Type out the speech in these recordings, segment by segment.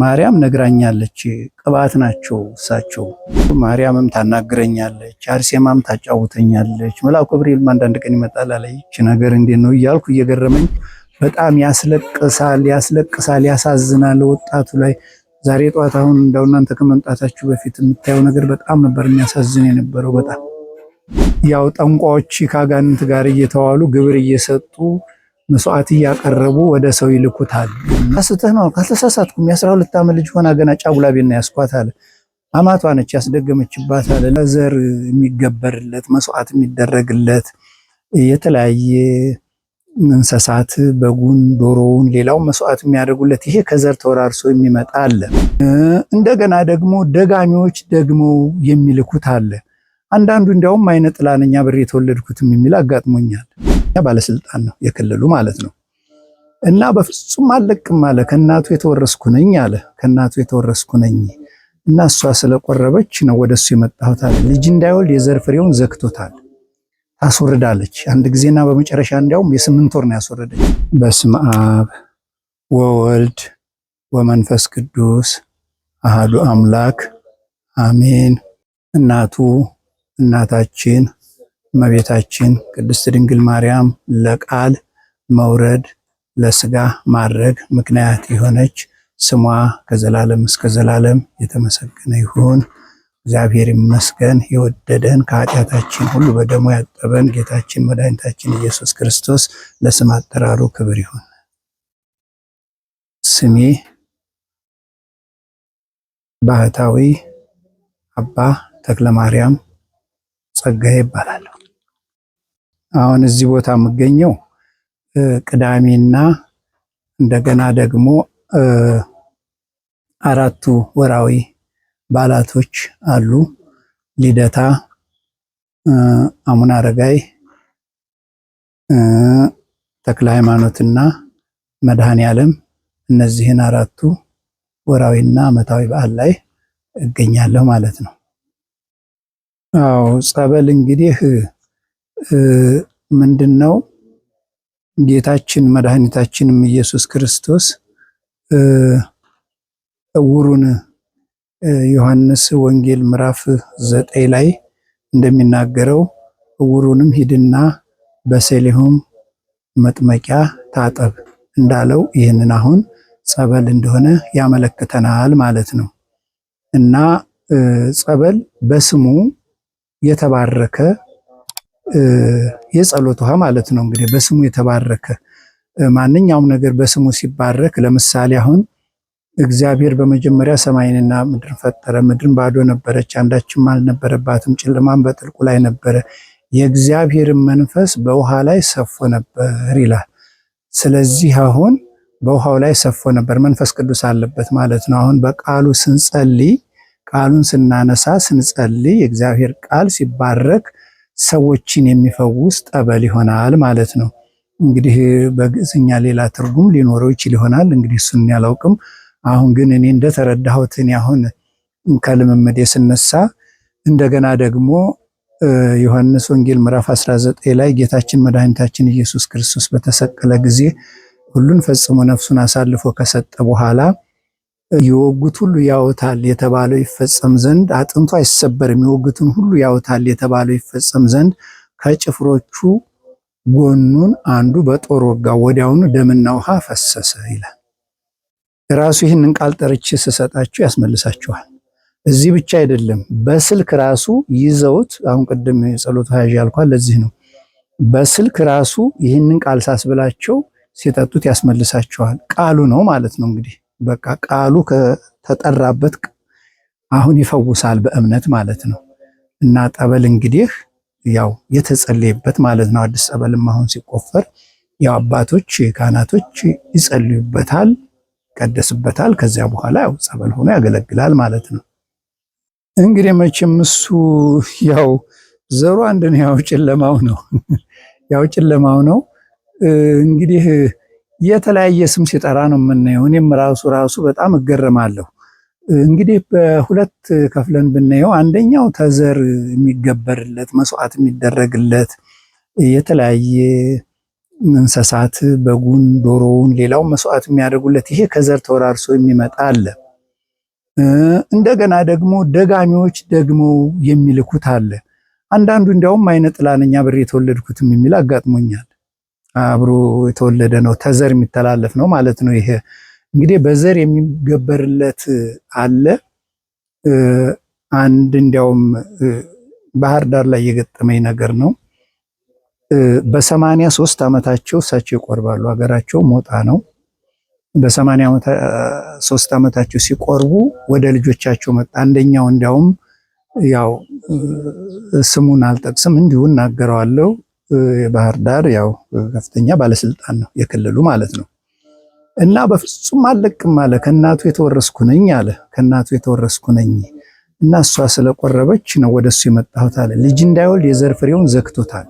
ማርያም ነግራኛለች፣ ቅባት ናቸው እሳቸው። ማርያምም ታናግረኛለች፣ አርሴማም ታጫውተኛለች። መልአኩ ብርኤልም አንዳንድ ቀን ይመጣል አለ። ነገር እንዴት ነው እያልኩ እየገረመኝ በጣም ያስለቅሳል፣ ያስለቅሳል፣ ያሳዝናል። ወጣቱ ላይ ዛሬ ጠዋት አሁን እንደው እናንተ ከመምጣታችሁ በፊት የምታየው ነገር በጣም ነበር የሚያሳዝን የነበረው። በጣም ያው ጠንቋዎች ከአጋንንት ጋር እየተዋሉ ግብር እየሰጡ መስዋዕት እያቀረቡ ወደ ሰው ይልኩታል። ከስተህ ነው ካልተሳሳትኩም የአስራ ሁለት ዓመት ልጅ ሆና ገና ጫጉላ ቤና ያስኳት አለ። አማቷ ነች ያስደገመችባት አለ። ለዘር የሚገበርለት መስዋዕት የሚደረግለት የተለያየ እንስሳት በጉን፣ ዶሮውን፣ ሌላው መስዋዕት የሚያደርጉለት ይሄ ከዘር ተወራርሶ የሚመጣ አለ። እንደገና ደግሞ ደጋሚዎች ደግመው የሚልኩት አለ። አንዳንዱ እንዲያውም አይነ ጥላነኛ ብር የተወለድኩትም የሚል አጋጥሞኛል። ባለስልጣን ነው የክልሉ ማለት ነው። እና በፍጹም አልለቅም አለ። ከእናቱ የተወረስኩ ነኝ አለ። ከእናቱ የተወረስኩ ነኝ እና እሷ ስለቆረበች ነው ወደሱ የመጣሁት አለ። ልጅ እንዳይወልድ የዘር ፍሬውን ዘግቶታል። ታስወርዳለች አንድ ጊዜና በመጨረሻ እንዲያውም የስምንት ወር ነው ያስወረደች። በስመ አብ ወወልድ ወመንፈስ ቅዱስ አህዱ አምላክ አሜን። እናቱ እናታችን እመቤታችን ቅድስት ድንግል ማርያም ለቃል መውረድ ለስጋ ማድረግ ምክንያት የሆነች ስሟ ከዘላለም እስከ ዘላለም የተመሰገነ ይሁን። እግዚአብሔር ይመስገን። የወደደን ከኃጢአታችን ሁሉ በደሞ ያጠበን ጌታችን መድኃኒታችን ኢየሱስ ክርስቶስ ለስም አጠራሩ ክብር ይሁን። ስሜ ባህታዊ አባ ተክለ ማርያም ጸጋዬ ይባላለሁ። አሁን እዚህ ቦታ የምገኘው ቅዳሜና እንደገና ደግሞ አራቱ ወራዊ በዓላቶች አሉ። ልደታ፣ አቡነ አረጋይ፣ ተክለ ሃይማኖትና መድኃኔ ዓለም እነዚህን አራቱ ወራዊና ዓመታዊ በዓል ላይ እገኛለሁ ማለት ነው። አዎ ጸበል እንግዲህ ምንድን ነው ጌታችን መድኃኒታችንም ኢየሱስ ክርስቶስ እውሩን ዮሐንስ ወንጌል ምዕራፍ ዘጠኝ ላይ እንደሚናገረው እውሩንም ሂድና በሰሊሆም መጥመቂያ ታጠብ እንዳለው ይህንን አሁን ጸበል እንደሆነ ያመለክተናል ማለት ነው። እና ጸበል በስሙ የተባረከ የጸሎት ውሃ ማለት ነው። እንግዲህ በስሙ የተባረከ ማንኛውም ነገር በስሙ ሲባረክ፣ ለምሳሌ አሁን እግዚአብሔር በመጀመሪያ ሰማይንና ምድርን ፈጠረ። ምድርን ባዶ ነበረች፣ አንዳችም አልነበረባትም፣ ጨለማም በጥልቁ ላይ ነበረ። የእግዚአብሔርን መንፈስ በውሃ ላይ ሰፎ ነበር ይላል። ስለዚህ አሁን በውሃው ላይ ሰፎ ነበር፣ መንፈስ ቅዱስ አለበት ማለት ነው። አሁን በቃሉ ስንጸልይ፣ ቃሉን ስናነሳ ስንጸልይ፣ የእግዚአብሔር ቃል ሲባረክ ሰዎችን የሚፈውስ ጠበል ይሆናል ማለት ነው። እንግዲህ በግዕዝኛ ሌላ ትርጉም ሊኖረው ይችል ይሆናል። እንግዲህ እሱን ያላውቅም። አሁን ግን እኔ እንደተረዳሁት እኔ አሁን ከልምምድ ስነሳ እንደገና ደግሞ ዮሐንስ ወንጌል ምዕራፍ 19 ላይ ጌታችን መድኃኒታችን ኢየሱስ ክርስቶስ በተሰቀለ ጊዜ ሁሉን ፈጽሞ ነፍሱን አሳልፎ ከሰጠ በኋላ የወጉት ሁሉ ያወታል የተባለው ይፈጸም ዘንድ አጥንቱ አይሰበርም። የወጉትን ሁሉ ያወታል የተባለው ይፈጸም ዘንድ ከጭፍሮቹ ጎኑን አንዱ በጦር ወጋ፣ ወዲያውኑ ደምና ውሃ ፈሰሰ ይላል። ራሱ ይህንን ቃል ጠርቼ ስሰጣችሁ ያስመልሳችኋል። እዚህ ብቻ አይደለም፣ በስልክ ራሱ ይዘውት አሁን ቅድም የጸሎት ያዥ ያልኳል ለዚህ ነው። በስልክ ራሱ ይህንን ቃል ሳስብላቸው ሲጠጡት ያስመልሳቸዋል። ቃሉ ነው ማለት ነው እንግዲህ በቃ ቃሉ ከተጠራበት አሁን ይፈውሳል በእምነት ማለት ነው። እና ጠበል እንግዲህ ያው የተጸለየበት ማለት ነው። አዲስ ጠበልም አሁን ሲቆፈር ያው አባቶች ካህናቶች ይጸልዩበታል፣ ይቀደስበታል። ከዚያ በኋላ ያው ጸበል ሆኖ ያገለግላል ማለት ነው። እንግዲህ መቼም እሱ ያው ዘሩ አንድ ነው። ያው ጨለማው ነው ያው ጨለማው ነው እንግዲህ የተለያየ ስም ሲጠራ ነው የምናየው። እኔም ራሱ ራሱ በጣም እገረማለሁ። እንግዲህ በሁለት ከፍለን ብናየው አንደኛው ተዘር የሚገበርለት መስዋዕት የሚደረግለት የተለያየ እንስሳት በጉን፣ ዶሮውን፣ ሌላው መስዋዕት የሚያደርጉለት ይሄ ከዘር ተወራርሶ የሚመጣ አለ። እንደገና ደግሞ ደጋሚዎች ደግመው የሚልኩት አለ። አንዳንዱ እንዲያውም አይነ ጥላነኛ ብር የተወለድኩትም የሚል አጋጥሞኛል። አብሮ የተወለደ ነው። ተዘር የሚተላለፍ ነው ማለት ነው። ይሄ እንግዲህ በዘር የሚገበርለት አለ። አንድ እንዲያውም ባህር ዳር ላይ የገጠመኝ ነገር ነው። በሰማንያ ሶስት ዓመታቸው እሳቸው ይቆርባሉ። ሀገራቸው ሞጣ ነው። በሰማንያ ሶስት ዓመታቸው ሲቆርቡ ወደ ልጆቻቸው መጣ። አንደኛው እንዲያውም ያው ስሙን አልጠቅስም እንዲሁ እናገረዋለሁ የባህር ዳር ያው ከፍተኛ ባለስልጣን ነው የክልሉ ማለት ነው። እና በፍጹም አልለቅም አለ። ከእናቱ የተወረስኩ ነኝ አለ። ከእናቱ የተወረስኩ ነኝ እና እሷ ስለቆረበች ነው ወደ እሱ የመጣሁት አለ። ልጅ እንዳይወልድ የዘር ፍሬውን ዘግቶታል።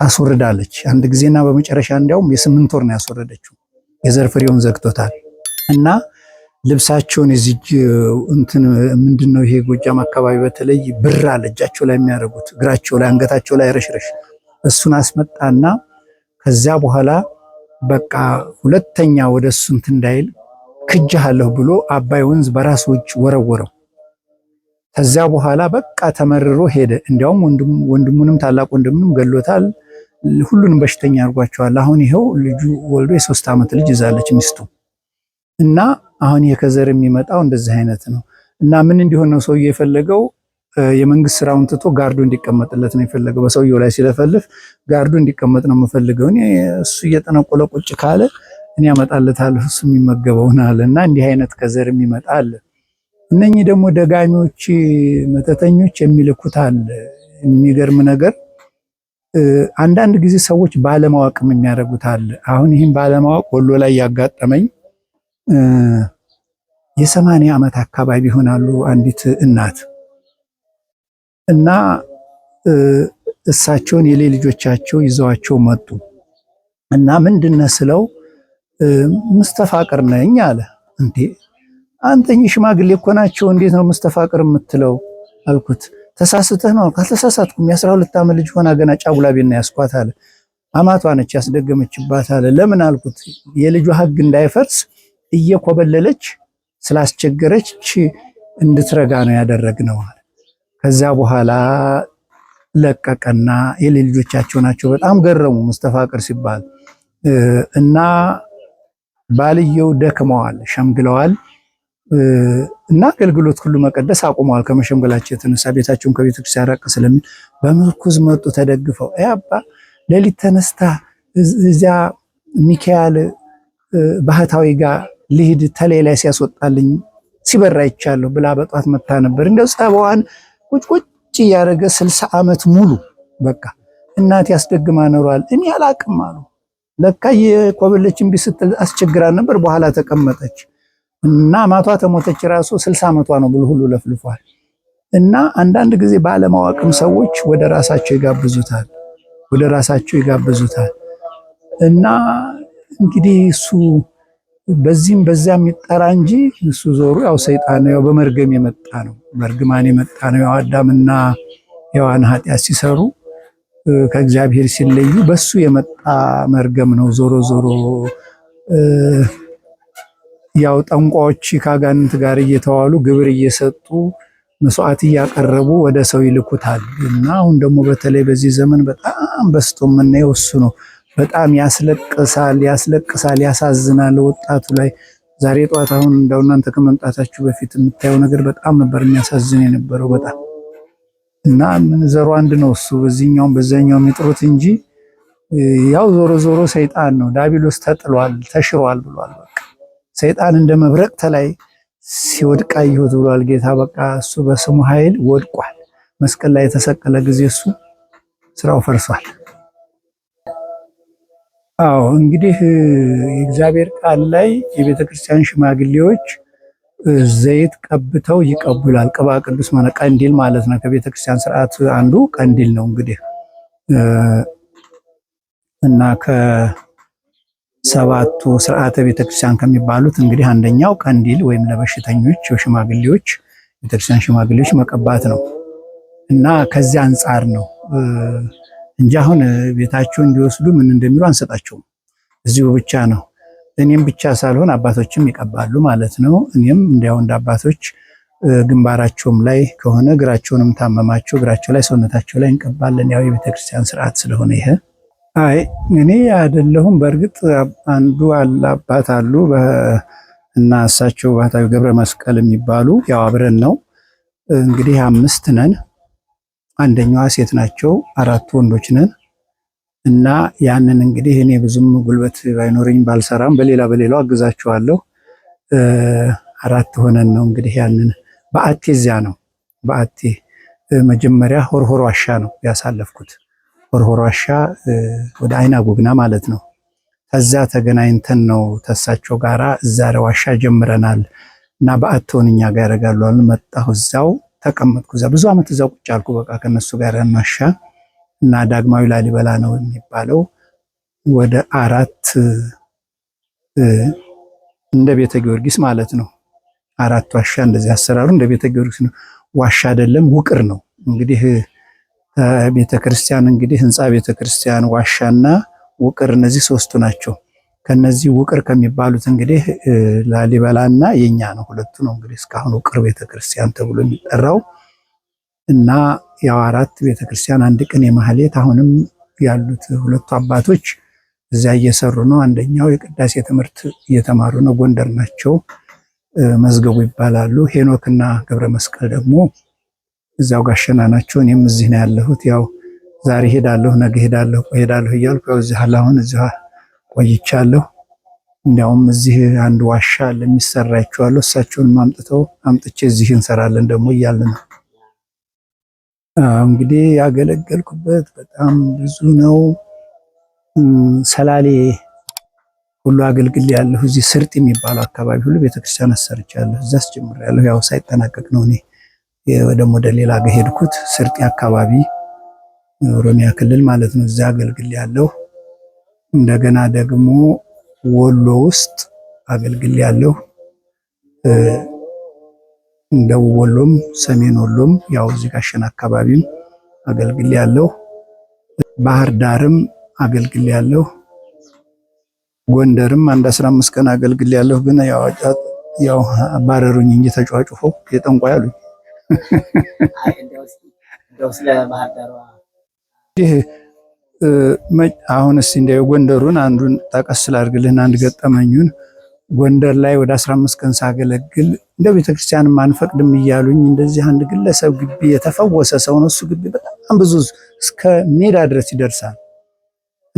ታስወርዳለች አንድ ጊዜና በመጨረሻ እንዲያውም የስምንት ወር ነው ያስወረደችው። የዘር ፍሬውን ዘግቶታል እና ልብሳቸውን የዚህ እንትን ምንድን ነው ይሄ ጎጃም አካባቢ በተለይ ብር አለ እጃቸው ላይ የሚያደርጉት እግራቸው ላይ አንገታቸው ላይ ረሽረሽ እሱን አስመጣና ከዚያ በኋላ በቃ ሁለተኛ ወደ እሱ እንትን እንዳይል ክጅሃለሁ ብሎ አባይ ወንዝ በራሱ ውጭ ወረወረው። ከዚያ በኋላ በቃ ተመርሮ ሄደ። እንዲያውም ወንድሙንም ታላቅ ወንድሙንም ገሎታል። ሁሉንም በሽተኛ አድርጓቸዋል። አሁን ይኸው ልጁ ወልዶ የሶስት ዓመት ልጅ ይዛለች ሚስቱ እና አሁን ይሄ ከዘር የሚመጣው እንደዚህ አይነት ነው እና ምን እንዲሆን ነው ሰውዬ የፈለገው የመንግስት ስራውን ትቶ ጋርዱ እንዲቀመጥለት ነው የፈለገው። በሰውየው ላይ ሲለፈልፍ ጋርዱ እንዲቀመጥ ነው የምፈልገው። እኔ እሱ እየጠነቆለ ቁጭ ካለ እኔ ያመጣለታል እሱ የሚመገበውን አለ እና እንዲህ አይነት ከዘር የሚመጣ አለ። እነኚህ ደግሞ ደጋሚዎች፣ መተተኞች የሚልኩት አለ። የሚገርም ነገር አንዳንድ ጊዜ ሰዎች ባለማወቅም የሚያደርጉት አለ። አሁን ይህም ባለማወቅ ወሎ ላይ ያጋጠመኝ የሰማንያ ዓመት አካባቢ ይሆናሉ አንዲት እናት እና እሳቸውን የሌ ልጆቻቸው ይዘዋቸው መጡ እና ምንድነ ስለው ምስተፋቅር ነኝ አለ። እንዴ አንተኝ ሽማግሌ እኮ ናቸው፣ እንዴት ነው ምስተፋቅር የምትለው አልኩት። ተሳስተህ ነው ካልተሳሳትኩም የአስራ ሁለት ዓመት ልጅ ሆና ገና ጫጉላቤና ያስኳት አለ። አማቷ ነች ያስደገመችባት አለ። ለምን አልኩት። የልጇ ሕግ እንዳይፈርስ እየኮበለለች ስላስቸገረች እንድትረጋ ነው ያደረግነው። ከዛ በኋላ ለቀቀና የሌ- ልጆቻቸው ናቸው። በጣም ገረሙ ሙስተፋቅር ሲባል እና ባልየው ደክመዋል፣ ሸምግለዋል እና አገልግሎት ሁሉ መቀደስ አቁመዋል። ከመሸምገላቸው የተነሳ ቤታቸውን ከቤተ ክርስቲያን ራቅ ስለሚል በምርኩዝ መጡ ተደግፈው። አባ ሌሊት ተነስታ እዚያ ሚካኤል ባህታዊ ጋር ልሂድ ተሌላ ሲያስወጣልኝ ሲበራ ይቻለሁ ብላ በጠዋት መታ ነበር። እንደው ጸባዋን ቁጭ ቁጭ እያደረገ ስልሳ ዓመት ሙሉ በቃ እናት ያስደግማ ኖሯል። እኔ አላቅም አሉ። ለካ የኮበለችን ቢስትል አስቸግራ ነበር። በኋላ ተቀመጠች እና ማቷ ተሞተች። ራሱ ስልሳ ዓመቷ ነው ብሎ ሁሉ ለፍልፏል። እና አንዳንድ ጊዜ ባለማወቅም ሰዎች ወደ ራሳቸው ይጋብዙታል፣ ወደ ራሳቸው ይጋብዙታል እና እንግዲህ እሱ በዚህም በዚያ የሚጠራ እንጂ እሱ ዞሩ ያው ሰይጣን ያው በመርገም የመጣ ነው፣ መርግማን የመጣ ነው። ያው አዳምና ሔዋን ኃጢአት ሲሰሩ ከእግዚአብሔር ሲለዩ በሱ የመጣ መርገም ነው። ዞሮ ዞሮ ያው ጠንቋዎች ከአጋንንት ጋር እየተዋሉ ግብር እየሰጡ መስዋዕት እያቀረቡ ወደ ሰው ይልኩታል እና አሁን ደግሞ በተለይ በዚህ ዘመን በጣም በስቶ የምናየው እሱ ነው። በጣም ያስለቅሳል፣ ያስለቅሳል፣ ያሳዝናል። ወጣቱ ላይ ዛሬ ጠዋት አሁን እንደው እናንተ ከመምጣታችሁ በፊት የምታየው ነገር በጣም ነበር የሚያሳዝን የነበረው በጣም እና ምን ዘሩ አንድ ነው እሱ በዚህኛውም በዛኛውም ይጥሩት እንጂ ያው ዞሮ ዞሮ ሰይጣን ነው። ዳቢሎስ ተጥሏል፣ ተሽሯል ብሏል። በቃ ሰይጣን እንደ መብረቅ ተላይ ሲወድቃ ይሁት ብሏል ጌታ። በቃ እሱ በስሙ ኃይል ወድቋል። መስቀል ላይ የተሰቀለ ጊዜ እሱ ስራው ፈርሷል። አዎ እንግዲህ የእግዚአብሔር ቃል ላይ የቤተ ክርስቲያን ሽማግሌዎች ዘይት ቀብተው ይቀቡላል። ቅባ ቅዱስ ማለት ቀንዲል ማለት ነው። ከቤተ ክርስቲያን ስርዓት አንዱ ቀንዲል ነው። እንግዲህ እና ከሰባቱ ስርዓተ ቤተ ክርስቲያን ከሚባሉት እንግዲህ አንደኛው ቀንዲል ወይም ለበሽተኞች ሽማግሌዎች፣ ቤተክርስቲያን ሽማግሌዎች መቀባት ነው እና ከዚህ አንጻር ነው እንጂ አሁን ቤታቸው እንዲወስዱ ምን እንደሚሉ አንሰጣቸውም። እዚሁ ብቻ ነው። እኔም ብቻ ሳልሆን አባቶችም ይቀባሉ ማለት ነው። እኔም እንዲያው እንደ አባቶች ግንባራቸውም ላይ ከሆነ እግራቸውንም ታመማቸው እግራቸው ላይ ሰውነታቸው ላይ እንቀባለን። ያው የቤተክርስቲያን ስርዓት ስለሆነ ይሄ አይ እኔ አይደለሁም። በእርግጥ አንዱ አባት አሉ እና እሳቸው ባህታዊ ገብረ መስቀል የሚባሉ ያው አብረን ነው እንግዲህ አምስት ነን። አንደኛዋ ሴት ናቸው፣ አራት ወንዶች ነን እና ያንን እንግዲህ እኔ ብዙም ጉልበት ባይኖረኝ ባልሰራም በሌላ በሌላው አግዛችኋለሁ። አራት ሆነን ነው እንግዲህ ያንን በአቴ እዚያ ነው በአቴ መጀመሪያ ሆርሆር ዋሻ ነው ያሳለፍኩት። ሆርሆር ዋሻ ወደ አይና ጉግና ማለት ነው። ከዛ ተገናኝተን ነው ተሳቸው ጋራ እዛ ዋሻ ጀምረናል እና በአቶን እኛ ጋር ያደርጋሉ መጣሁ እዛው ተቀመጥኩ። እዛ ብዙ ዓመት እዛ ቁጭ አልኩ። በቃ ከነሱ ጋር ያናሻ እና ዳግማዊ ላሊበላ ነው የሚባለው ወደ አራት እንደ ቤተ ጊዮርጊስ ማለት ነው። አራት ዋሻ እንደዚህ አሰራሩ እንደ ቤተ ጊዮርጊስ ነው። ዋሻ አይደለም ውቅር ነው። እንግዲህ ቤተክርስቲያን እንግዲህ ህንፃ ቤተክርስቲያን፣ ዋሻና ውቅር እነዚህ ሶስቱ ናቸው። ከነዚህ ውቅር ከሚባሉት እንግዲህ ላሊበላ እና የኛ ነው። ሁለቱ ነው እንግዲህ እስካሁን ውቅር ቤተክርስቲያን ተብሎ የሚጠራው እና ያው አራት ቤተክርስቲያን አንድ ቀን የማህሌት አሁንም ያሉት ሁለቱ አባቶች እዚያ እየሰሩ ነው። አንደኛው የቅዳሴ ትምህርት እየተማሩ ነው። ጎንደር ናቸው። መዝገቡ ይባላሉ። ሄኖክና ገብረ መስቀል ደግሞ እዚያው ጋሸና ናቸው። እኔም እዚህ ነው ያለሁት። ያው ዛሬ ሄዳለሁ፣ ነገ ሄዳለሁ፣ ሄዳለሁ እያልኩ ያው እዚህ አሁን እዚያ ቆይቻለሁ። እንዲያውም እዚህ አንድ ዋሻ አለ የሚሰራ እሳቸውን አምጥተው አምጥቼ እዚህ እንሰራለን ደግሞ እያልን ነው እንግዲህ ያገለገልኩበት በጣም ብዙ ነው። ሰላሌ ሁሉ አገልግል ያለሁ እዚህ ስርጥ የሚባለው አካባቢ ሁሉ ቤተክርስቲያን አሰርቻለሁ። እዛ ጀምር ያለሁ ያው ሳይጠናቀቅ ነው። እኔ ደግሞ ወደ ሌላ ሄድኩት። ስርጤ አካባቢ ኦሮሚያ ክልል ማለት ነው። እዚ አገልግል ያለሁ እንደገና ደግሞ ወሎ ውስጥ አገልግል ያለው ደቡብ ወሎም ሰሜን ወሎም ያው እዚህ ጋሸን አካባቢም አገልግል ያለው ባህር ዳርም አገልግል ያለው ጎንደርም አንድ 15 ቀን አገልግል ያለሁ። ግን ያው ያው ባረሩኝ እንጂ ተጫዋጭፎ የጠንቋ ያሉኝ አይ አሁን እስቲ እንደ ጎንደሩን አንዱን ጠቀስ ስላድርግልን አንድ ገጠመኙን ጎንደር ላይ ወደ 15 ቀን ሳገለግል እንደ ቤተክርስቲያን አንፈቅድም እያሉኝ እንደዚህ አንድ ግለሰብ ግቢ የተፈወሰ ሰው ነው። እሱ ግቢ በጣም ብዙ እስከ ሜዳ ድረስ ይደርሳል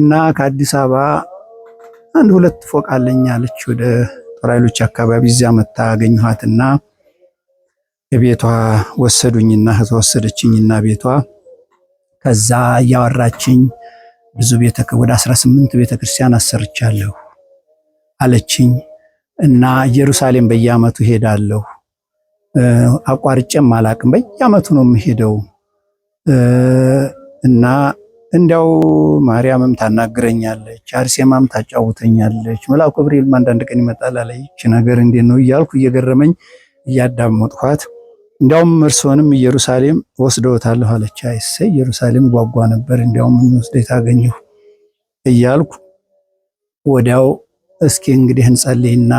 እና ከአዲስ አበባ አንድ ሁለት ፎቅ አለኝ አለች። ወደ ጦር ኃይሎች አካባቢ እዚያ መታ አገኘኋትና ቤቷ ወሰዱኝና ተወሰደችኝና ቤቷ ከዛ እያወራችኝ ብዙ ቤተ ወደ 18 ቤተ ክርስቲያን አሰርቻለሁ አለችኝ እና ኢየሩሳሌም በየአመቱ ሄዳለሁ። አቋርጬም አላቅም። በየአመቱ ነው የምሄደው እና እንዲያው ማርያምም ታናግረኛለች፣ አርሴማም ታጫውተኛለች። መልአኩ ገብርኤልም አንዳንድ ቀን ይመጣል አለች። ነገር እንዴት ነው እያልኩ እየገረመኝ እያዳመጥኳት እንዲያውም እርስዎንም ኢየሩሳሌም ወስደውታለሁ አለች። አይሰ ኢየሩሳሌም ጓጓ ነበር፣ እንዲያውም የሚወስደኝ አገኘሁ እያልኩ ወዲያው እስኪ እንግዲህ እንጸልይና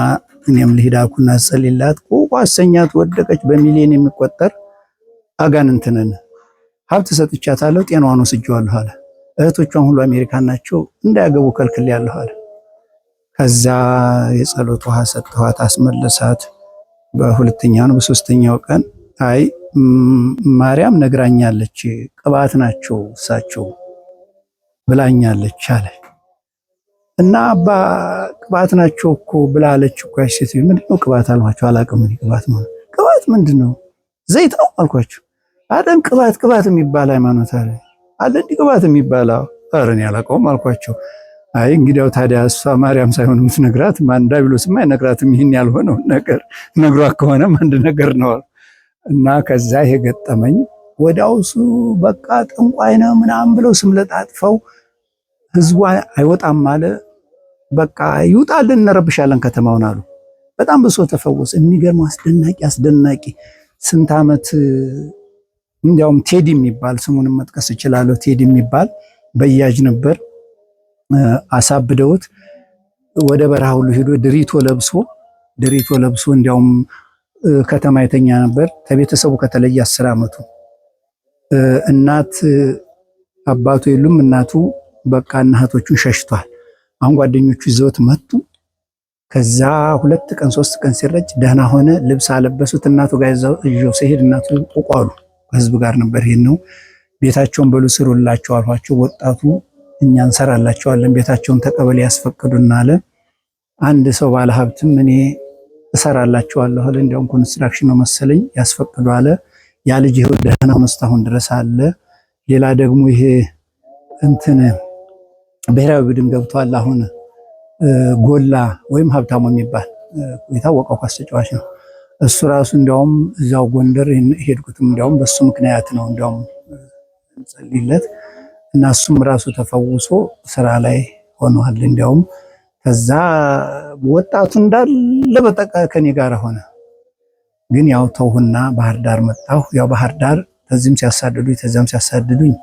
እኔም ልሂዳኩና አልኩና ጸልይላት፣ ቁቋ አሰኛት። ወደቀች። በሚሊዮን የሚቆጠር አጋንንትንን ሀብት ሰጥቻታለሁ፣ ጤናዋን ወስጄዋለሁ አለ። እህቶቿን ሁሉ አሜሪካ ናቸው፣ እንዳያገቡ ከልክያለሁ አለ። ከዛ የጸሎት ውሃ ሰጥኋት፣ አስመለሳት። በሁለተኛው በሶስተኛው ቀን አይ ማርያም ነግራኛለች፣ ቅባት ናቸው እሳቸው ብላኛለች አለ እና አባ ቅባት ናቸው እኮ ብላለች እኮ ሴት ምንድነው ቅባት አልኳቸው፣ አላቅም ቅባት ማለት ቅባት ምንድነው? ዘይት ነው አልኳቸው። አደም ቅባት ቅባት የሚባል ሃይማኖት አለ አለ እንዲህ ቅባት የሚባል ኧረ እኔ አላውቀውም አልኳቸው። አይ እንግዲያው ታዲያ እሷ ማርያም ሳይሆን የምትነግራት ማን ዲያብሎስማ አይነግራትም ይህን ያልሆነውን ነገር ነግሯ ከሆነም አንድ ነገር ነው አሉ። እና ከዛ የገጠመኝ ገጠመኝ ወደ በቃ ጥንቋይ ነው ምናምን ብለው ስም ለጣጥፈው ህዝቡ አይወጣም አለ። በቃ ይውጣልን እንረብሻለን ከተማውን አሉ። በጣም ብሶ ተፈወሰ። የሚገርም አስደናቂ አስደናቂ ስንት ዓመት እንዲያውም ቴዲ የሚባል ስሙንም መጥቀስ እችላለሁ። ቴዲ የሚባል በያጅ ነበር። አሳብደውት ወደ በረሃ ሁሉ ሄዶ ድሪቶ ለብሶ ድሪቶ ለብሶ እንዲያውም ከተማ የተኛ ነበር። ከቤተሰቡ ከተለየ አስር ዓመቱ እናት አባቱ የሉም። እናቱ በቃ እናቶቹን ሸሽቷል። አሁን ጓደኞቹ ይዘውት መጡ። ከዛ ሁለት ቀን ሶስት ቀን ሲረጭ ደህና ሆነ። ልብስ አለበሱት። እናቱ ጋር ይዘው ሲሄድ እናቱ ቁቋሉ ከህዝብ ጋር ነበር። ይሄን ነው ቤታቸውን በሉ ስሩላቸው አሏቸው። ወጣቱ እኛ እንሰራላቸዋለን ቤታቸውን ተቀበል ያስፈቅዱና አለ። አንድ ሰው ባለሀብትም እኔ እሰራላችኋለሁ አለ። እንዲያውም ኮንስትራክሽን ነው መሰለኝ ያስፈቅዱ አለ። ያ ልጅ ይኸው ደህና መስታሁን ድረስ አለ። ሌላ ደግሞ ይሄ እንትን ብሔራዊ ቡድን ገብቷል። አሁን ጎላ ወይም ሀብታሙ የሚባል የታወቀው ኳስ ተጫዋች ነው። እሱ ራሱ እንዲያውም እዛው ጎንደር ሄድኩትም እንዲያውም በሱ ምክንያት ነው። እንዲያውም ጸልይለት እና እሱም ራሱ ተፈውሶ ስራ ላይ ሆኗል እንዲያውም ከዛ ወጣቱ እንዳለ በጠቃ ከኔ ጋር ሆነ። ግን ያው ተውሁና ባህር ዳር መጣሁ። ያው ባህር ዳር ተዚህም ሲያሳድዱኝ ተዚያም ሲያሳድዱኝ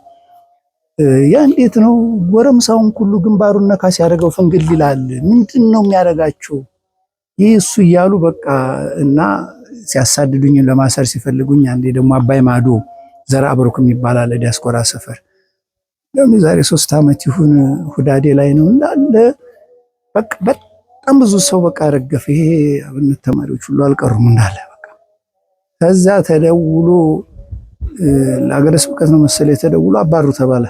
ያ እንዴት ነው ጎረምሳውን ሁሉ ግንባሩን ነካ ሲያደርገው ፍንግል ይላል። ምንድን ነው የሚያደርጋችሁ? ይህ እሱ እያሉ በቃ እና ሲያሳድዱኝ ለማሰር ሲፈልጉኝ፣ አንዴ ደግሞ አባይ ማዶ ዘራ አብሮክ የሚባል ዲያስፖራ ሰፈር ዛሬ ሶስት ዓመት ይሁን ሁዳዴ ላይ ነው እንዳለ በቃ በጣም ብዙ ሰው በቃ ረገፈ። ይሄ አብነት ተማሪዎች ሁሉ አልቀሩም እንዳለ በቃ ከዛ ተደውሎ ለሀገረ ስብከት ነው መሰለኝ ተደውሎ አባሩ ተባለ።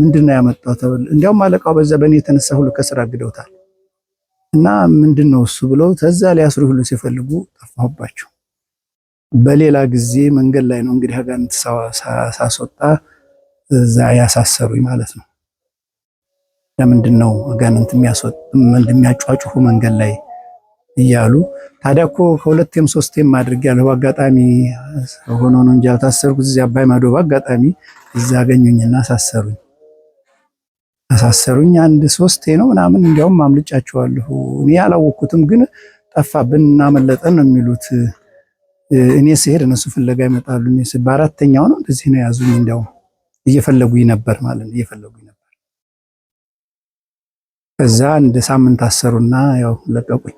ምንድን ነው ያመጣው ተባለ። እንዲያውም አለቃው በዛ በእኔ የተነሳ ሁሉ ከስራ አግደውታል። እና ምንድን ነው እሱ ብለው ተዛ ሊያስሩ ሁሉ ሲፈልጉ ጠፋሁባቸው። በሌላ ጊዜ መንገድ ላይ ነው እንግዲህ ሀጋን ሳስወጣ እዛ ያሳሰሩኝ ማለት ነው። ለምንድን ነው አጋንንት እንደሚያጫጩሁ መንገድ ላይ እያሉ ታዲያ እኮ ከሁለቴም ሶስቴም ማድርግ ያለው አጋጣሚ ሆኖ ነው እንጂ ያልታሰርኩት እዚህ አባይ ማዶ በአጋጣሚ እዛ አገኙኝና አሳሰሩኝ አሳሰሩኝ አንድ ሶስቴ ነው ምናምን እንዲያውም አምልጫቸዋለሁ እኔ ያላወቅኩትም ግን ጠፋብን እናመለጠን ነው የሚሉት እኔ ስሄድ እነሱ ፍለጋ ይመጣሉ በአራተኛው ነው እንደዚህ ነው ያዙኝ እንዲያውም እየፈለጉኝ ነበር ማለት ነው እየፈለጉኝ እዛ አንድ ሳምንት አሰሩና ያው ለቀቁኝ።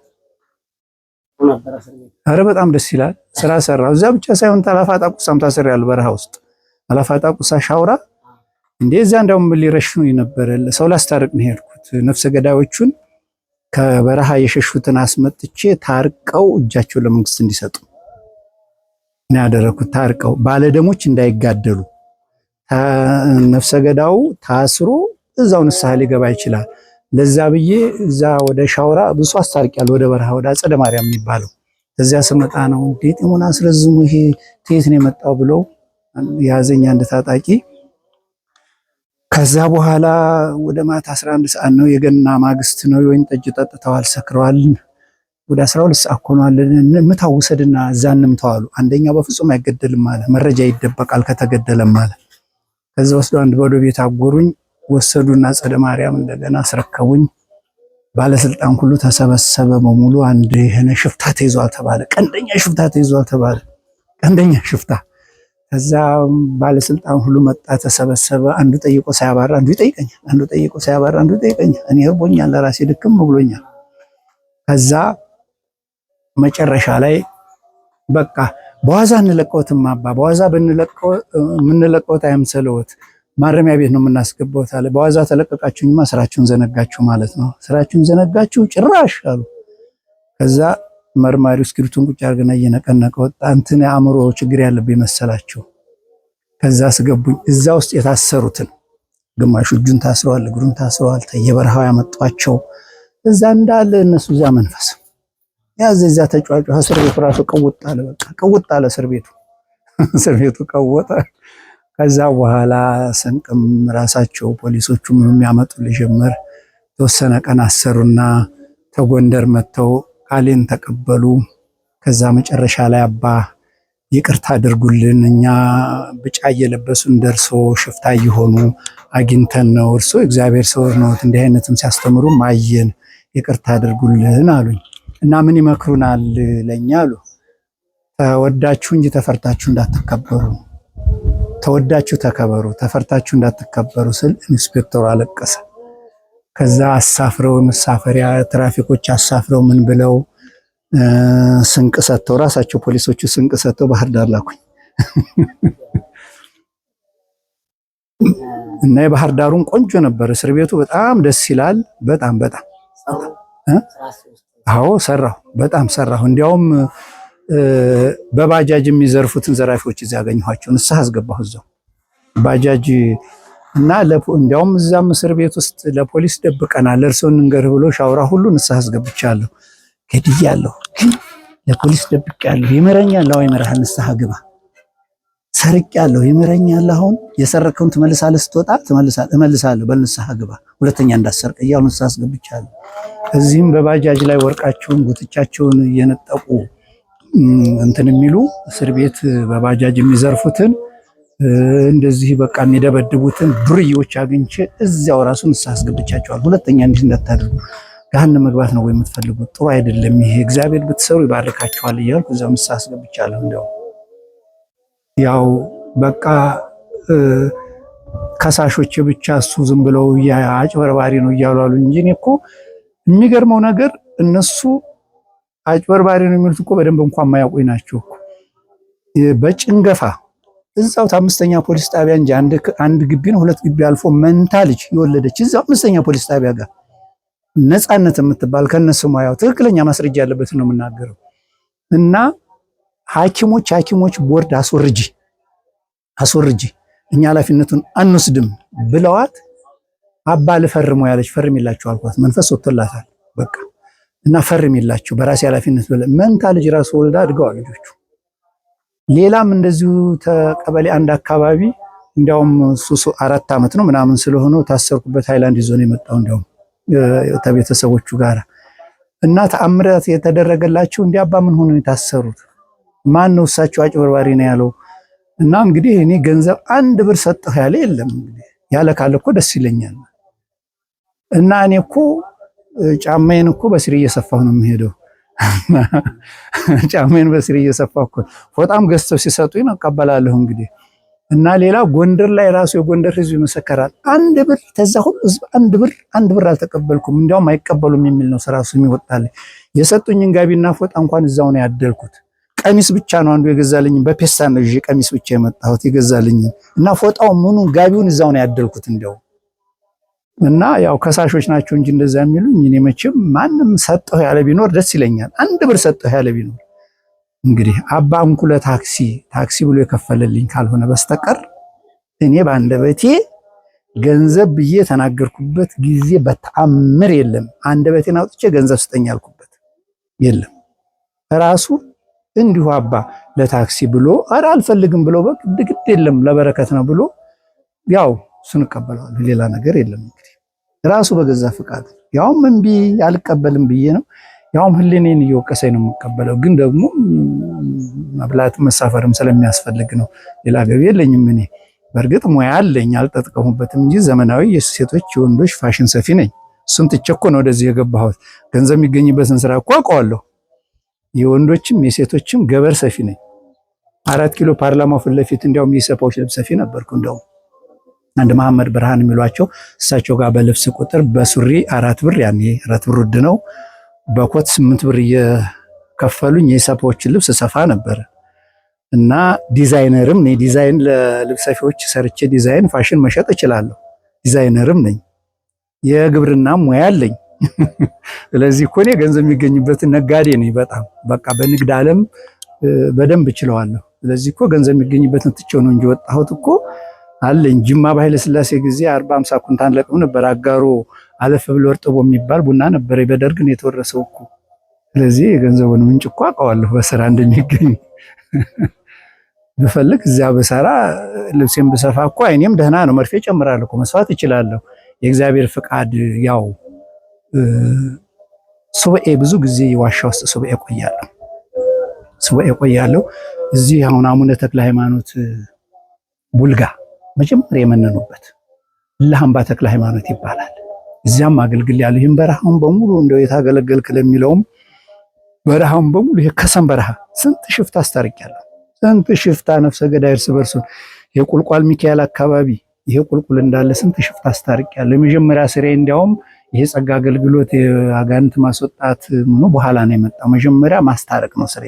አረ በጣም ደስ ይላል። ስራ ሰራው። እዛ ብቻ ሳይሆን አላፋጣ ቁሳም ታስር ያለ በረሃ ውስጥ አላፋጣ ቁሳ ሻውራ እንዴ እዛ እንዳውም ሊረሽኑ የነበረ ሰው ላስታርቅ ነው የሄድኩት። ነፍሰ ገዳዮቹን ከበረሃ የሸሹትን አስመጥቼ ታርቀው እጃቸው ለመንግስት እንዲሰጡ ነው ያደረኩት። ታርቀው ባለደሞች እንዳይጋደሉ ነፍሰ ገዳው ታስሮ እዛው ንስሐ ሊገባ ይችላል። ለዛ ብዬ እዛ ወደ ሻውራ ብሶ አስታርቂያለሁ። ወደ በረሃ ወደ አጸደ ማርያም የሚባለው እዚያ ስመጣ ነው ጤጤሙን አስረዝሙ ይሄ ከየት ነው የመጣው ብሎ የያዘኛ አንድ ታጣቂ። ከዛ በኋላ ወደ ማታ 11 ሰዓት ነው የገና ማግስት ነው። ወይን ጠጅ ጠጥተዋል፣ ሰክረዋል። ወደ 12 ሰዓት ኮኗል። ምታውሰድና እዛ እንምተዋሉ። አንደኛው በፍጹም አይገደልም ማለት መረጃ ይደበቃል ከተገደለም ማለት ከዛ ወስዶ አንድ በዶ ቤት አጎሩኝ። ወሰዱና ጸደ ማርያም እንደገና አስረከቡኝ። ባለስልጣን ሁሉ ተሰበሰበ በሙሉ። አንድ የሆነ ሽፍታ ተይዟል ተባለ። ቀንደኛ ሽፍታ ተይዟል ተባለ። ቀንደኛ ሽፍታ። ከዛ ባለስልጣን ሁሉ መጣ ተሰበሰበ። አንዱ ጠይቆ ሳያባራ አንዱ ይጠይቀኛል፣ አንዱ ጠይቆ ሳያባራ አንዱ ይጠይቀኛል። እኔ ህቦኛል፣ ለራሴ ድክም ብሎኛል። ከዛ መጨረሻ ላይ በቃ በዋዛ እንለቀውትም አባ በዋዛ ብንለቀው የምንለቀውት አይምሰለዎት ማረሚያ ቤት ነው የምናስገባው። ታለ በዋዛ ተለቀቃችሁኝማ ስራችሁን ዘነጋችሁ ማለት ነው። ስራችሁን ዘነጋችሁ ጭራሽ አሉ። ከዛ መርማሪ እስክሪቱን ቁጭ አድርገና እየነቀነቀ ወጣ። እንትን የአእምሮ ችግር ያለብኝ መሰላቸው። ከዛ ስገቡኝ እዛ ውስጥ የታሰሩትን ግማሹ እጁን ታስረዋል፣ እግሩን ታስረዋል። ተየበረሃው ያመጧቸው እዛ እንዳለ እነሱ እዛ መንፈስ ያዘ። እዛ ተጫዋጩ እስር ቤቱ ራሱ ቀውጥ አለ። በቃ ቀውጥ እስር ቤቱ። እስር ቤቱ ቀወጠ። ከዛ በኋላ ስንቅም ራሳቸው ፖሊሶቹም የሚያመጡ ልጀመር። የተወሰነ ቀን አሰሩና ተጎንደር መጥተው ቃሌን ተቀበሉ። ከዛ መጨረሻ ላይ አባ ይቅርታ አድርጉልን፣ እኛ ብጫ እየለበሱን ደርሶ ሽፍታ እየሆኑ አግኝተን ነው። እርሶ እግዚአብሔር ሰው ነዎት፣ እንዲህ አይነትም ሲያስተምሩ ማየን፣ ይቅርታ አድርጉልን አሉኝ። እና ምን ይመክሩናል ለእኛ አሉ፣ ተወዳችሁ እንጂ ተፈርታችሁ እንዳትከበሩ ተወዳችሁ ተከበሩ፣ ተፈርታችሁ እንዳትከበሩ ስል ኢንስፔክተሩ አለቀሰ። ከዛ አሳፍረው መሳፈሪያ ትራፊኮች አሳፍረው ምን ብለው ስንቅ ሰጥተው ራሳቸው ፖሊሶቹ ስንቅ ሰጥተው ባህር ዳር ላኩኝ እና የባህር ዳሩን ቆንጆ ነበር። እስር ቤቱ በጣም ደስ ይላል። በጣም በጣም አዎ፣ ሰራሁ፣ በጣም ሰራሁ። እንዲያውም በባጃጅ የሚዘርፉትን ዘራፊዎች እዚያ ያገኘኋቸው ንስሐ አስገባሁ። እዛው ባጃጅ እና እንዲያውም እዛም እስር ቤት ውስጥ ለፖሊስ ደብቀናል፣ ለእርሰው እንንገርህ ብሎ ሻውራ ሁሉ ንስሐ አስገብቻለሁ። ገድያለሁ፣ ግን ለፖሊስ ደብቄያለሁ። ይምረኛል። አዎ ይምርሃል፣ ንስሐ ግባ። ሰርቄያለሁ፣ ይምረኛል። አሁን የሰረከውን ትመልሳለህ፣ ስትወጣ እመልሳለሁ፣ በል ግባ፣ ሁለተኛ እንዳሰርቅ እያሉ ንስሐ አስገብቻለሁ። እዚህም በባጃጅ ላይ ወርቃቸውን ጉትቻቸውን እየነጠቁ እንትን የሚሉ እስር ቤት በባጃጅ የሚዘርፉትን እንደዚህ በቃ የሚደበድቡትን ዱርዬዎች አግኝቼ እዚያው ራሱን እሳ አስገብቻቸዋል። ሁለተኛ እንዲህ እንዳታደርጉ ገሃነም መግባት ነው ወይ የምትፈልጉት? ጥሩ አይደለም ይሄ፣ እግዚአብሔር ብትሰሩ ይባርካቸዋል እያልኩ እዚያው እሳ አስገብቻለሁ። እንዲያው ያው በቃ ከሳሾች ብቻ እሱ ዝም ብለው አጭበርባሪ ነው እያሉ አሉ እንጂ እኔ እኮ የሚገርመው ነገር እነሱ አጭበርባሪ ነው የሚሉት እኮ በደንብ እንኳን ማያውቁኝ ናቸው በጭንገፋ እዛው አምስተኛ ፖሊስ ጣቢያ እንጂ አንድ ነው ሁለት ግቢ አልፎ መንታ ልጅ የወለደች እዛው አምስተኛ ፖሊስ ጣቢያ ጋር ነፃነት የምትባል ከነሱ ሙያው ትክክለኛ ማስረጃ ያለበት ነው የምናገረው። እና ሐኪሞች ሐኪሞች ቦርድ አስወርጂ አስወርጂ እኛ ኃላፊነቱን አንወስድም ብለዋት አባ ልፈርሞ ያለች ፈርም አልኳት። መንፈስ ወጥቶላታል በቃ እና ፈርም በራሴ ኃላፊነት ብለ መንታ ልጅ ራሱ ወልዳ አድገዋል ልጆቹ። ሌላም እንደዚሁ ተቀበሌ አንድ አካባቢ እንዲያውም ሱሱ አራት ዓመት ነው ምናምን ስለሆነ ታሰርኩበት ሃይላንድ ይዞ ነው የመጣው እንዲያውም ከቤተሰቦቹ ጋር እና ተአምራት የተደረገላቸው እንዲህ አባ ምን ሆኖ የታሰሩት ማን ነው እሳቸው አጭበርባሪ ነው ያለው። እና እንግዲህ እኔ ገንዘብ አንድ ብር ሰጠሁ ያለ የለም። ያለ ካለ እኮ ደስ ይለኛል። እና እኔ እኮ ጫማዬን እኮ በስሪ እየሰፋሁ ነው የሚሄደው። ጫማዬን በስሪ እየሰፋሁ እኮ ፎጣም ገዝተው ሲሰጡኝ ነው እቀበላለሁ። እንግዲህ እና ሌላ ጎንደር ላይ ራሱ የጎንደር ህዝብ ይመሰከራል። አንድ ብር ተዛ ሁሉ ህዝብ አንድ ብር አንድ ብር አልተቀበልኩም፣ እንዲያውም አይቀበሉም የሚል ነው ስራ ስም ይወጣል። የሰጡኝን ጋቢና ፎጣ እንኳን እዛው ነው ያደልኩት። ቀሚስ ብቻ ነው አንዱ የገዛልኝ። በፔሳ ነው ቀሚስ ብቻ የመጣሁት የገዛልኝ። እና ፎጣው ምኑን ጋቢውን እዛው ነው ያደልኩት እንዲያውም እና ያው ከሳሾች ናቸው እንጂ እንደዛ የሚሉኝ እኔ መቼም ማንም ሰጠሁ ያለ ቢኖር ደስ ይለኛል። አንድ ብር ሰጠሁ ያለ ቢኖር እንግዲህ አባ እንኩለ ታክሲ ታክሲ ብሎ የከፈለልኝ ካልሆነ በስተቀር እኔ በአንደበቴ ገንዘብ ብዬ የተናገርኩበት ጊዜ በተአምር የለም። አንደበቴን አውጥቼ ገንዘብ ስጠኝ ያልኩበት የለም። ራሱ እንዲሁ አባ ለታክሲ ብሎ ኧረ አልፈልግም ብሎ በግድ የለም ለበረከት ነው ብሎ ያው እሱን እቀበለዋለሁ። ሌላ ነገር የለም። እንግዲህ ራሱ በገዛ ፍቃድ ያውም እምቢ አልቀበልም ብዬ ነው ያውም ህሊኔን እየወቀሰኝ ነው የምቀበለው። ግን ደግሞ መብላት መሳፈርም ስለሚያስፈልግ ነው። ሌላ ገቢ የለኝም እኔ። በእርግጥ ሙያ አለኝ አልጠጥቀሙበትም እንጂ ዘመናዊ የሴቶች የወንዶች ፋሽን ሰፊ ነኝ። እሱን ትቼ እኮ ነው ወደዚህ የገባሁት። ገንዘብ የሚገኝበትን ስራ እኮ አውቀዋለሁ። የወንዶችም የሴቶችም ገበር ሰፊ ነኝ። አራት ኪሎ ፓርላማው ፊት ለፊት እንዲያውም የሰፋዎች ልብስ ሰፊ ነበርኩ እንዲያውም አንድ መሐመድ ብርሃን የሚሏቸው እሳቸው ጋር በልብስ ቁጥር በሱሪ አራት ብር ያኔ አራት ብር ውድ ነው። በኮት ስምንት ብር እየከፈሉኝ የሰፋዎችን ልብስ ሰፋ ነበር እና ዲዛይነርም ነኝ። ዲዛይን ለልብስ ሰፊዎች ሰርቼ ዲዛይን ፋሽን መሸጥ እችላለሁ። ዲዛይነርም ነኝ። የግብርና ሙያ አለኝ። ስለዚህ እኮ እኔ ገንዘብ የሚገኝበትን ነጋዴ ነኝ። በጣም በቃ በንግድ ዓለም በደንብ እችለዋለሁ። ስለዚህ እኮ ገንዘብ የሚገኝበትን ትቼው ነው እንጂ ወጣሁት እኮ አለኝ። ጅማ ስላሴ ጊዜ አርባ አምሳ ኩንታን ለቅም ነበር። አጋሮ አለፍ ብሎ እርጥቦ የሚባል ቡና ነበር። በደርግን ነው የተወረሰው እኮ። ስለዚህ የገንዘቡን ምንጭ እኮ አውቀዋለሁ በስራ እንደሚገኝ ብፈልግ እዚያ ብሰራ ልብሴን ብሰፋ እኮ አይኔም ደህና ነው። መርፌ ጨምራለሁ እኮ መስፋት እችላለሁ። የእግዚአብሔር ፍቃድ ያው ሱባኤ ብዙ ጊዜ ዋሻ ውስጥ ሱባኤ ቆያለሁ። ሱባኤ ቆያለሁ እዚህ አሁን አቡነ ተክለ ሃይማኖት ቡልጋ መጀመሪያ የመነኑበት ለአምባ ተክለ ሃይማኖት ይባላል። እዚያም አገልግል ያለ ይህም በረሃውን በሙሉ እንደው የታገለገልክ ለሚለውም በረሃውን በሙሉ የከሰም በረሃ ስንት ሽፍታ አስታርቂያለሁ። ስንት ሽፍታ ነፍሰ ገዳይ እርስ በርሱ የቁልቋል ሚካኤል አካባቢ ይሄ ቁልቁል እንዳለ ስንት ሽፍታ አስታርቂያለሁ። የመጀመሪያ ስሬ እንዲያውም ይሄ ጸጋ አገልግሎት አጋንንት ማስወጣት ምኑ በኋላ ነው የመጣው። መጀመሪያ ማስታረቅ ነው ስሬ